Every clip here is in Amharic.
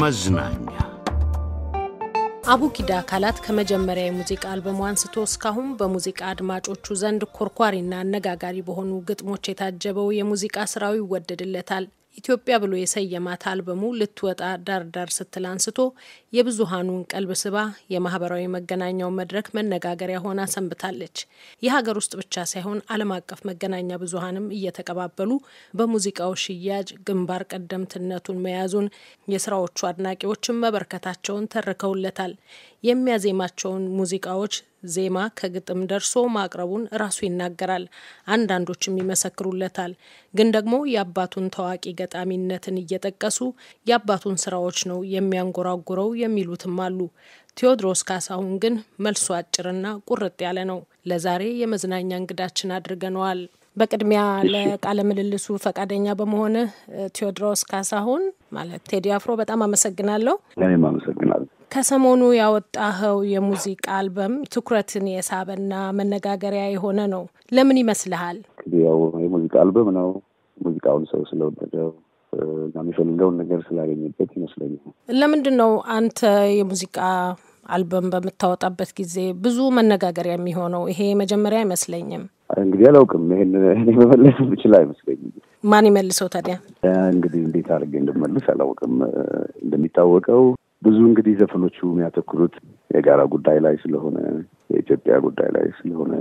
መዝናኛ አቡጊዳ አካላት ከመጀመሪያ የሙዚቃ አልበሙ አንስቶ እስካሁን በሙዚቃ አድማጮቹ ዘንድ ኮርኳሪና አነጋጋሪ በሆኑ ግጥሞች የታጀበው የሙዚቃ ስራው ይወደድለታል። ኢትዮጵያ ብሎ የሰየማት አልበሙ ልትወጣ ዳርዳር ስትል አንስቶ የብዙሃኑን ቀልብ ስባ የማህበራዊ መገናኛው መድረክ መነጋገሪያ ሆና ሰንብታለች። የሀገር ውስጥ ብቻ ሳይሆን ዓለም አቀፍ መገናኛ ብዙሀንም እየተቀባበሉ በሙዚቃው ሽያጭ ግንባር ቀደምትነቱን መያዙን የስራዎቹ አድናቂዎችን መበርከታቸውን ተርከውለታል። የሚያዜማቸውን ሙዚቃዎች ዜማ ከግጥም ደርሶ ማቅረቡን ራሱ ይናገራል። አንዳንዶችም ይመሰክሩለታል። ግን ደግሞ የአባቱን ታዋቂ ገጣሚነትን እየጠቀሱ የአባቱን ስራዎች ነው የሚያንጎራጉረው የሚሉትም አሉ። ቴዎድሮስ ካሳሁን ግን መልሱ አጭርና ቁርጥ ያለ ነው። ለዛሬ የመዝናኛ እንግዳችን አድርገነዋል። በቅድሚያ ለቃለ ምልልሱ ፈቃደኛ በመሆንህ ቴዎድሮስ ካሳሁን ማለት ቴዲ አፍሮ በጣም አመሰግናለሁ። እኔም አመሰግናለሁ። ከሰሞኑ ያወጣኸው የሙዚቃ አልበም ትኩረትን የሳበና መነጋገሪያ የሆነ ነው። ለምን ይመስልሃል? ያው የሙዚቃ አልበም ነው። ሙዚቃውን ሰው ስለወደደው እና የሚፈልገውን ነገር ስላገኘበት ይመስለኛል። ለምንድን ነው አንተ የሙዚቃ አልበም በምታወጣበት ጊዜ ብዙ መነጋገሪያ የሚሆነው? ይሄ መጀመሪያ አይመስለኝም። እንግዲህ አላውቅም። ይሄን እኔ መመለስ ብችል አይመስለኝም። ማን ይመልሰው ታዲያ? እንግዲህ እንዴት አድርጌ እንደመልስ አላውቅም። እንደሚታወቀው ብዙ እንግዲህ ዘፈኖቹ የሚያተኩሩት የጋራ ጉዳይ ላይ ስለሆነ የኢትዮጵያ ጉዳይ ላይ ስለሆነ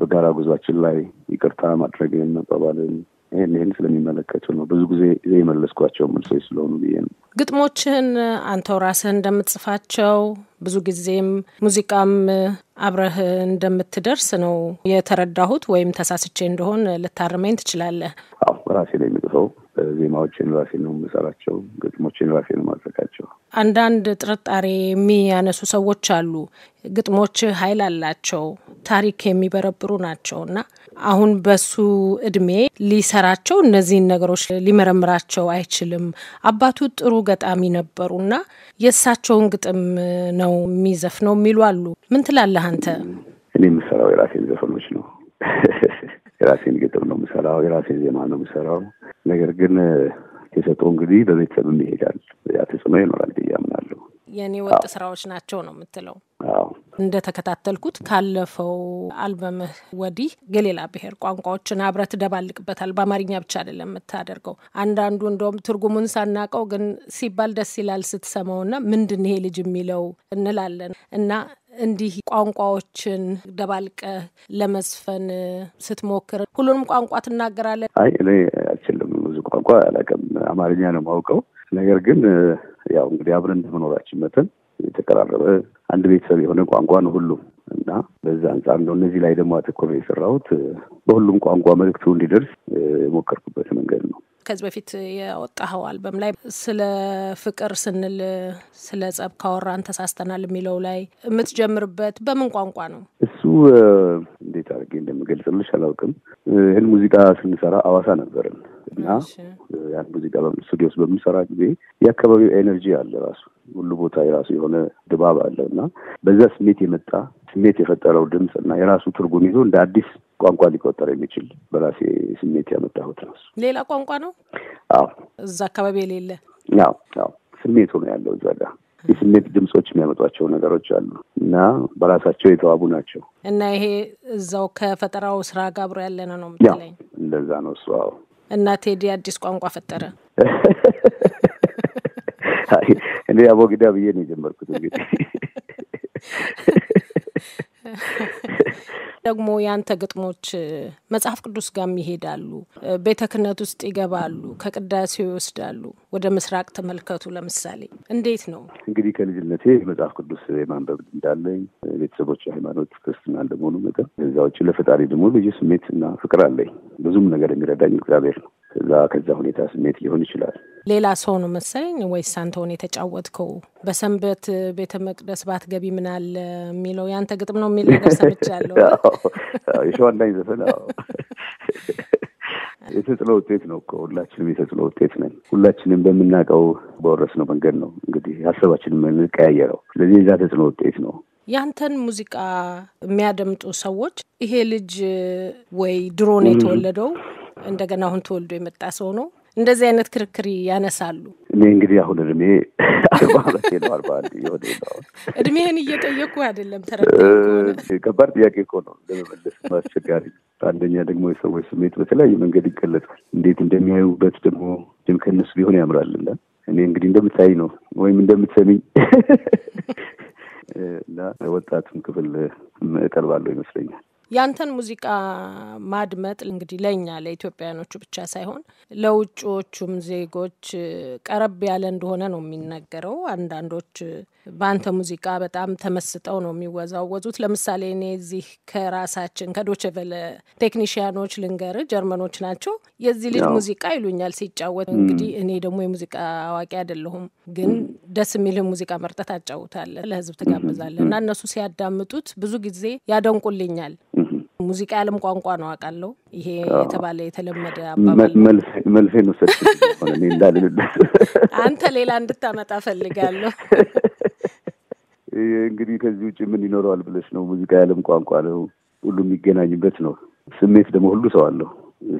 በጋራ ጉዟችን ላይ ይቅርታ ማድረግን መባባልን ይህን ይህን ስለሚመለከቱ ነው ብዙ ጊዜ የመለስኳቸው መልሶች ስለሆኑ ብዬ ነው። ግጥሞችን አንተው ራስህ እንደምትጽፋቸው ብዙ ጊዜም ሙዚቃም አብረህ እንደምትደርስ ነው የተረዳሁት። ወይም ተሳስቼ እንደሆን ልታርመኝ ትችላለህ። አዎ ራሴ ነው የሚጽፈው። ዜማዎችን ራሴ ነው የምሰራቸው። ግጥሞችን ራሴ ነው ማዘጋቸው። አንዳንድ ጥርጣሬ የሚያነሱ ሰዎች አሉ። ግጥሞች ኃይል አላቸው ታሪክ የሚበረብሩ ናቸው እና አሁን በሱ እድሜ ሊሰራቸው እነዚህን ነገሮች ሊመረምራቸው አይችልም። አባቱ ጥሩ ገጣሚ እና የእሳቸውን ግጥም ነው የሚዘፍነው የሚሉ አሉ። ምን ትላለህ አንተ? እኔ የምሰራው የራሴን ዘፈኖች ነው። የራሴን ግጥም ነው የምሰራው። የራሴን ዜማ ነው የምሰራው። ነገር ግን የተሰጠው እንግዲህ በቤተሰብ ይሄዳል። ያ ተጽዕኖ ይኖራል ብዬ አምናለሁ። የእኔ ወጥ ስራዎች ናቸው ነው የምትለው? እንደተከታተልኩት ካለፈው አልበምህ ወዲህ የሌላ ብሔር ቋንቋዎችን አብረህ ትደባልቅበታል። በአማርኛ ብቻ አይደለም የምታደርገው። አንዳንዱ እንደውም ትርጉሙን ሳናቀው ግን ሲባል ደስ ይላል ስትሰማውና ምንድን ይሄ ልጅ የሚለው እንላለን እና እንዲህ ቋንቋዎችን ደባልቀ ለመዝፈን ስትሞክር ሁሉንም ቋንቋ ትናገራለን? አይ እኔ አልችልም፣ ብዙ ቋንቋ አላውቅም። አማርኛ ነው የማውቀው። ነገር ግን ያው እንግዲህ አብረን እንደመኖራችን መጠን የተቀራረበ አንድ ቤተሰብ የሆነ ቋንቋ ነው ሁሉም እና በዛ አንጻር ነው እነዚህ ላይ ደግሞ አተኮር የሰራሁት። በሁሉም ቋንቋ መልእክቱ እንዲደርስ የሞከርኩበት መንገድ ነው። ከዚህ በፊት የወጣኸው አልበም ላይ ስለ ፍቅር ስንል ስለ ጸብ ካወራን ተሳስተናል የሚለው ላይ የምትጀምርበት በምን ቋንቋ ነው? እሱ እንዴት አድርጌ እንደምገልጽልሽ አላውቅም። ይህን ሙዚቃ ስንሰራ አዋሳ ነበርን እና ያን ሙዚቃ ስቱዲዮ ውስጥ በምንሰራ ጊዜ የአካባቢው ኤነርጂ አለ ራሱ ሁሉ ቦታ የራሱ የሆነ ድባብ አለው እና በዛ ስሜት የመጣ ስሜት የፈጠረው ድምፅ እና የራሱ ትርጉም ይዞ እንደ አዲስ ቋንቋ ሊቆጠር የሚችል በራሴ ስሜት ያመጣሁት ነው። ሌላ ቋንቋ ነው። አዎ፣ እዛ አካባቢ የሌለ ያው ያው ስሜት ነው ያለው እዛ ጋር የስሜት ድምፆች የሚያመጧቸው ነገሮች አሉ እና በራሳቸው የተዋቡ ናቸው እና ይሄ እዛው ከፈጠራው ስራ ጋር አብሮ ያለ ነው ነው እንደዛ ነው እሱ። አዎ እና ቴዲ አዲስ ቋንቋ ፈጠረ። እኔ አቦጊዳ ብዬ ነው የጀመርኩት እንግዲህ ደግሞ ያንተ ግጥሞች መጽሐፍ ቅዱስ ጋም ይሄዳሉ። ቤተ ክህነት ውስጥ ይገባሉ፣ ከቅዳሴው ይወስዳሉ። ወደ ምስራቅ ተመልከቱ ለምሳሌ እንዴት ነው እንግዲህ ከልጅነቴ መጽሐፍ ቅዱስ የማንበብ እንዳለኝ ቤተሰቦች ሃይማኖት ክርስትና እንደመሆኑ ነገር ከዛ ለፈጣሪ ደግሞ ልዩ ስሜት እና ፍቅር አለኝ። ብዙም ነገር የሚረዳኝ እግዚአብሔር ነው። ከዛ ከዛ ሁኔታ ስሜት ሊሆን ይችላል ሌላ ሰው ነው መሰለኝ ወይስ አንተውን የተጫወትከው? በሰንበት ቤተ መቅደስ ባትገቢ ምን አለ የሚለው ያንተ ግጥም ነው የሚለው ነገር ሰምቻለሁ። የሸዋና ዘፈን የተጽዕኖ ውጤት ነው እኮ ሁላችንም የተጽዕኖ ውጤት ነን። ሁላችንም በምናውቀው በወረስነው መንገድ ነው እንግዲህ ሀሳባችንም የምንቀያየረው። ስለዚህ የዛ ተጽዕኖ ውጤት ነው። ያንተን ሙዚቃ የሚያደምጡ ሰዎች ይሄ ልጅ ወይ ድሮ ነው የተወለደው እንደገና አሁን ተወልዶ የመጣ ሰው ነው እንደዚህ አይነት ክርክር ያነሳሉ። እኔ እንግዲህ አሁን እድሜ አርባ ዓመቴ ነው። አርባ አንድ የሆነ እድሜህን እየጠየኩ አይደለም። ተረ ከባድ ጥያቄ እኮ ነው ለመመለስ አስቸጋሪ። አንደኛ ደግሞ የሰዎች ስሜት በተለያየ መንገድ ይገለጻል። እንዴት እንደሚያዩበት ደግሞ ድም ከነሱ ቢሆን ያምራልና እኔ እንግዲህ እንደምታይ ነው ወይም እንደምትሰሚኝ እና ወጣቱን ክፍል እቀርባለሁ ይመስለኛል። ያንተን ሙዚቃ ማድመጥ እንግዲህ ለእኛ ለኢትዮጵያውያኖቹ ብቻ ሳይሆን ለውጭዎቹም ዜጎች ቀረብ ያለ እንደሆነ ነው የሚነገረው። አንዳንዶች በአንተ ሙዚቃ በጣም ተመስጠው ነው የሚወዛወዙት። ለምሳሌ እኔ እዚህ ከራሳችን ከዶቸቨለ ቴክኒሽያኖች ልንገር፣ ጀርመኖች ናቸው። የዚህ ልጅ ሙዚቃ ይሉኛል ሲጫወት። እንግዲህ እኔ ደግሞ የሙዚቃ አዋቂ አይደለሁም፣ ግን ደስ የሚልህ ሙዚቃ መርጠት አጫውታለህ፣ ለህዝብ ትጋብዛለህ እና እነሱ ሲያዳምጡት ብዙ ጊዜ ያደንቁልኛል። ሙዚቃ የዓለም ቋንቋ ነው አውቃለሁ። ይሄ የተባለ የተለመደ አባባል ነው ውሰድ ሆነ አንተ ሌላ እንድታመጣ ፈልጋለሁ። እንግዲህ ከዚህ ውጭ ምን ይኖረዋል ብለሽ ነው? ሙዚቃ የዓለም ቋንቋ ነው፣ ሁሉ የሚገናኝበት ነው። ስሜት ደግሞ ሁሉ ሰው አለው።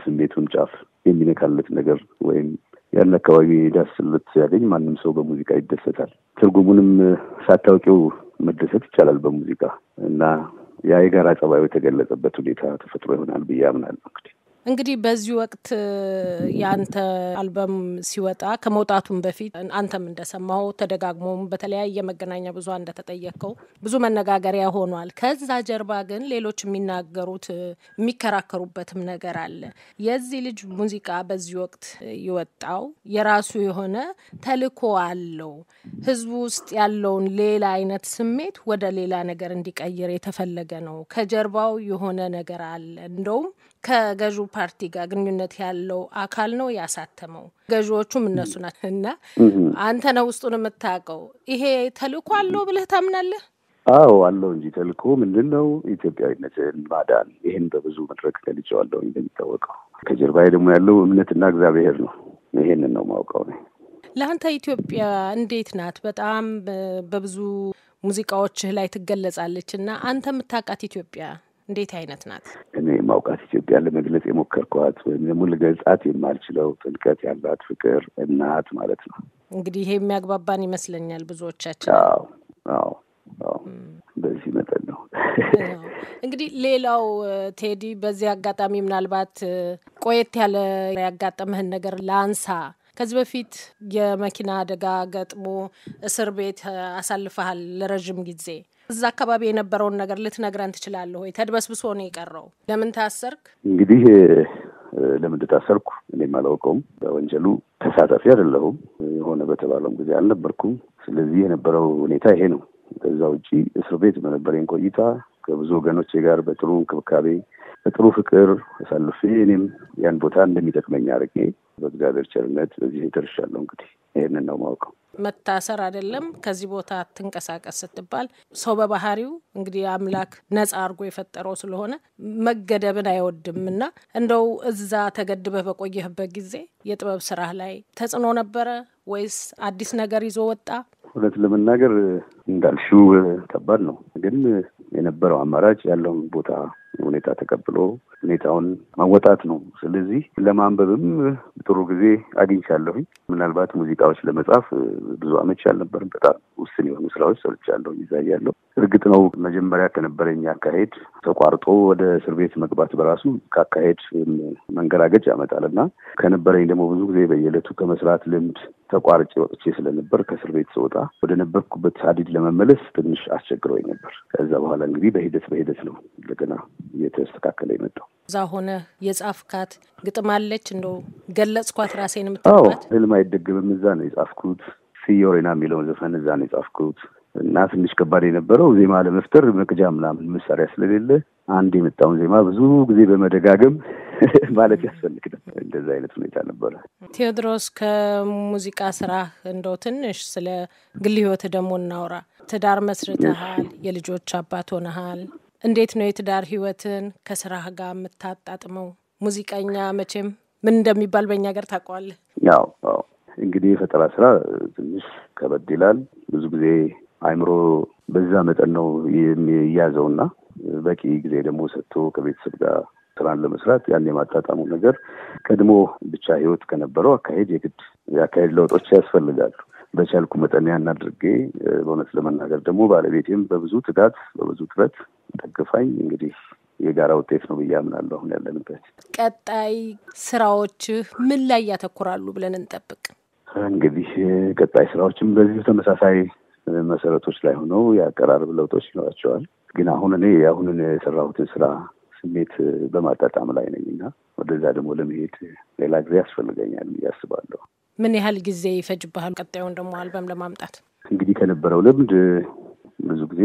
ስሜቱን ጫፍ የሚነካለት ነገር ወይም ያን አካባቢ ዳስለት ሲያገኝ ማንም ሰው በሙዚቃ ይደሰታል። ትርጉሙንም ሳታውቂው መደሰት ይቻላል በሙዚቃ እና ያ የጋራ ጸባዩ የተገለጸበት ሁኔታ ተፈጥሮ ይሆናል ብዬ አምናለሁ እንግዲህ እንግዲህ በዚህ ወቅት የአንተ አልበም ሲወጣ ከመውጣቱም በፊት አንተም እንደሰማው ተደጋግሞም በተለያየ መገናኛ ብዙ እንደተጠየቀው ብዙ መነጋገሪያ ሆኗል። ከዛ ጀርባ ግን ሌሎች የሚናገሩት የሚከራከሩበትም ነገር አለ። የዚህ ልጅ ሙዚቃ በዚህ ወቅት የወጣው የራሱ የሆነ ተልዕኮ አለው። ህዝቡ ውስጥ ያለውን ሌላ አይነት ስሜት ወደ ሌላ ነገር እንዲቀይር የተፈለገ ነው። ከጀርባው የሆነ ነገር አለ። እንደውም ከገዢው ፓርቲ ጋር ግንኙነት ያለው አካል ነው ያሳተመው። ገዢዎቹም እነሱ ናቸው እና አንተ ነው ውስጡን የምታውቀው። ይሄ ተልእኮ አለው ብለህ ታምናለህ? አዎ አለው እንጂ ተልእኮ ምንድን ነው? ኢትዮጵያዊነትን ማዳን። ይህን በብዙ መድረክ ገልጬዋለሁ እንደሚታወቀው። ከጀርባዬ ደግሞ ያለው እምነትና እግዚአብሔር ነው። ይሄንን ነው ማውቀው ነ ለአንተ ኢትዮጵያ እንዴት ናት? በጣም በብዙ ሙዚቃዎችህ ላይ ትገለጻለች እና አንተ የምታውቃት ኢትዮጵያ እንዴት አይነት ናት? ማውቃት ኢትዮጵያን ለመግለጽ የሞከርኳት ወይም ደግሞ ልገልጻት የማልችለው ጥልቀት ያላት ፍቅር እናት ማለት ነው። እንግዲህ ይሄ የሚያግባባን ይመስለኛል ብዙዎቻችን። አዎ አዎ አዎ በዚህ መጠን ነው እንግዲህ። ሌላው ቴዲ፣ በዚህ አጋጣሚ ምናልባት ቆየት ያለ ያጋጠመህን ነገር ላንሳ። ከዚህ በፊት የመኪና አደጋ ገጥሞ እስር ቤት አሳልፈሃል ለረዥም ጊዜ እዛ አካባቢ የነበረውን ነገር ልትነግረን ትችላለህ ወይ? ተድበስብሶ ነው የቀረው። ለምን ታሰርክ? እንግዲህ ለምን ታሰርኩ እኔም አላውቀውም። በወንጀሉ ተሳታፊ አይደለሁም። የሆነ በተባለውም ጊዜ አልነበርኩም። ስለዚህ የነበረው ሁኔታ ይሄ ነው። ከዛ ውጪ እስር ቤት በነበረኝ ቆይታ ከብዙ ወገኖቼ ጋር በጥሩ እንክብካቤ በጥሩ ፍቅር አሳልፌ እኔም ያን ቦታ እንደሚጠቅመኝ አድርጌ በእግዚአብሔር ቸርነት በዚህ ተርሻለሁ። እንግዲህ ይህንን ነው ማውቀው። መታሰር አይደለም ከዚህ ቦታ ትንቀሳቀስ ስትባል ሰው በባህሪው እንግዲህ አምላክ ነጻ አድርጎ የፈጠረው ስለሆነ መገደብን አይወድም እና እንደው እዛ ተገድበህ በቆየህበት ጊዜ የጥበብ ስራ ላይ ተጽዕኖ ነበረ ወይስ አዲስ ነገር ይዞ ወጣ? እውነት ለመናገር እንዳልሽው ከባድ ነው። ግን የነበረው አማራጭ ያለውን ቦታ ሁኔታ ተቀብሎ ሁኔታውን መወጣት ነው። ስለዚህ ለማንበብም ጥሩ ጊዜ አግኝቻለሁኝ። ምናልባት ሙዚቃዎች ለመጻፍ ብዙ አመች አልነበርም። በጣም ውስን የሆኑ ስራዎች ሰርቻለሁ ይዛ ያለው እርግጥ ነው መጀመሪያ ከነበረኝ አካሄድ ተቋርጦ ወደ እስር ቤት መግባት በራሱ ከአካሄድ መንገራገጭ ያመጣል እና ከነበረኝ ደግሞ ብዙ ጊዜ በየዕለቱ ከመስራት ልምድ ተቋርጬ ወጥቼ ስለነበር ከእስር ቤት ስወጣ ወደ ነበርኩበት ሐዲድ ለመመለስ ትንሽ አስቸግረኝ ነበር። ከዛ በኋላ እንግዲህ በሂደት በሂደት ነው እንደገና እየተስተካከለ የመጣው። እዛ ሆነ የጻፍካት ግጥማለች እንደ ገለጽኳት ራሴን የምትባት ህልም አይደግምም እዛ ነው የጻፍኩት። ስዮሬና የሚለውን ዘፈን እዛ ነው የጻፍኩት እና ትንሽ ከባድ የነበረው ዜማ ለመፍጠር መቅጃ ምናምን መሳሪያ ስለሌለ አንድ የመጣውን ዜማ ብዙ ጊዜ በመደጋገም ማለት ያስፈልግ ነው። እንደዛ አይነት ሁኔታ ነበረ። ቴዎድሮስ፣ ከሙዚቃ ስራ እንደው ትንሽ ስለ ግል ህይወት ደግሞ እናውራ። ትዳር መስርተሃል፣ የልጆች አባት ሆነሃል። እንዴት ነው የትዳር ህይወትን ከስራ ጋር የምታጣጥመው? ሙዚቀኛ መቼም ምን እንደሚባል በእኛ ሀገር ታውቀዋለህ። ያው እንግዲህ የፈጠራ ስራ ትንሽ ከበድ ይላል። ብዙ ጊዜ አይምሮ በዛ መጠን ነው እና በቂ ጊዜ ደግሞ ሰጥቶ ከቤተሰብ ጋር ስራን ለመስራት ያን የማጣጣሙ ነገር ቀድሞ ብቻ ህይወት ከነበረው አካሄድ የግድ የአካሄድ ለውጦች ያስፈልጋሉ። በቻልኩ መጠን ያን አድርጌ በእውነት ለመናገር ደግሞ ባለቤቴም በብዙ ትጋት በብዙ ጥረት ደግፋኝ እንግዲህ የጋራ ውጤት ነው ብዬ አምናለሁ። አሁን ያለንበት ቀጣይ ስራዎች ምን ላይ ያተኩራሉ ብለን እንጠብቅ? እንግዲህ ቀጣይ ስራዎችም በዚሁ ተመሳሳይ መሰረቶች ላይ ሆነው የአቀራረብ ለውጦች ይኖራቸዋል። ግን አሁን እኔ አሁንን የሰራሁትን ስራ ስሜት በማጣጣም ላይ ነኝ እና ወደዛ ደግሞ ለመሄድ ሌላ ጊዜ ያስፈልገኛል ብዬ አስባለሁ። ምን ያህል ጊዜ ይፈጅብሃል ቀጣዩን ደግሞ አልበም ለማምጣት? እንግዲህ ከነበረው ልምድ ብዙ ጊዜ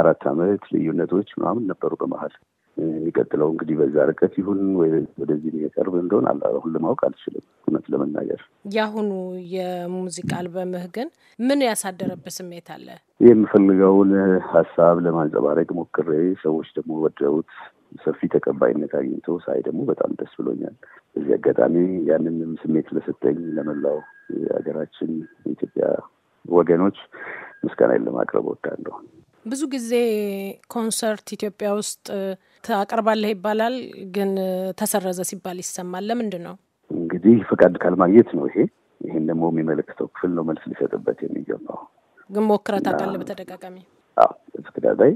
አራት ዓመት ልዩነቶች ምናምን ነበሩ በመሀል የሚቀጥለው እንግዲህ በዛ ርቀት ይሁን ወደዚህ የሚቀርብ እንደሆን አሁን ለማወቅ አልችልም። እውነት ለመናገር የአሁኑ የሙዚቃ አልበምህ ግን ምን ያሳደረብህ ስሜት አለ? የምፈልገውን ሀሳብ ለማንጸባረቅ ሞክሬ ሰዎች ደግሞ ወደውት ሰፊ ተቀባይነት አግኝቶ ሳይ ደግሞ በጣም ደስ ብሎኛል። በዚህ አጋጣሚ ያንንም ስሜት ለሰጠኝ ለመላው ሀገራችን የኢትዮጵያ ወገኖች ምስጋናዬን ለማቅረብ እወዳለሁ። ብዙ ጊዜ ኮንሰርት ኢትዮጵያ ውስጥ ታቀርባለህ ይባላል፣ ግን ተሰረዘ ሲባል ይሰማል። ለምንድን ነው? እንግዲህ ፈቃድ ካለማግኘት ነው። ይሄ ይህን ደግሞ የሚመለከተው ክፍል ነው መልስ ሊሰጥበት የሚገባው። ግን ሞክረህ ታውቃለህ? በተደጋጋሚ በተከታታይ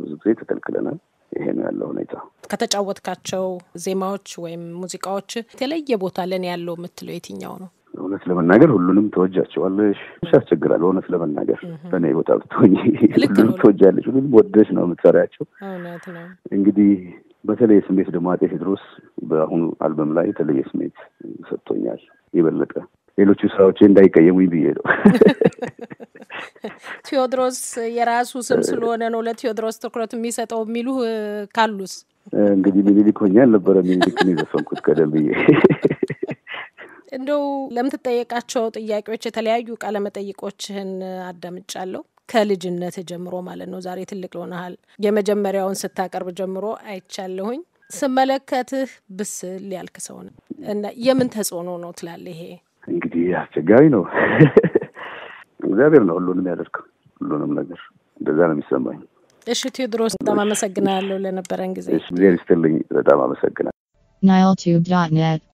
ብዙ ጊዜ ተከልክለናል። ይሄ ነው ያለው ሁኔታ። ከተጫወትካቸው ዜማዎች ወይም ሙዚቃዎች የተለየ ቦታ ለኔ ያለው የምትለው የትኛው ነው? እውነት ለመናገር ሁሉንም ተወጃቸዋለሽ። ያስቸግራል። እውነት ለመናገር በእኔ ቦታ ብትሆኝ ሁሉንም ተወጃለሽ። ሁሉንም ወደሽ ነው የምትሰሪያቸው። እንግዲህ በተለየ ስሜት ደግሞ አጤ ቴዎድሮስ በአሁኑ አልበም ላይ የተለየ ስሜት ሰጥቶኛል። የበለጠ ሌሎቹ ስራዎቼ እንዳይቀየሙኝ ብዬ ነው ቴዎድሮስ የራሱ ስም ስለሆነ ነው ለቴዎድሮስ ትኩረት የሚሰጠው የሚሉ ካሉስ? እንግዲህ ሚኒሊክ ሆኜ አልነበረ ሚኒሊክ የዘፈንኩት ቀደም ብዬ እንደው ለምትጠየቃቸው ጥያቄዎች የተለያዩ ቃለመጠይቆችህን አዳምጫለሁ። ከልጅነት ጀምሮ ማለት ነው። ዛሬ ትልቅ ሆነሃል። የመጀመሪያውን ስታቀርብ ጀምሮ አይቻለሁኝ። ስመለከትህ ብስል ያልክ ሰው ነው እና የምን ተጽዕኖ ነው ትላለ ይሄ እንግዲህ አስቸጋሪ ነው። እግዚአብሔር ነው ሁሉንም ያደርገው ሁሉንም ነገር እንደዛ ነው የሚሰማኝ። እሺ ቴዎድሮስ በጣም አመሰግናለሁ ለነበረን ጊዜ። እግዜር ይስጥልኝ። በጣም አመሰግናለሁ። ናይልቱብ ዶት ኔት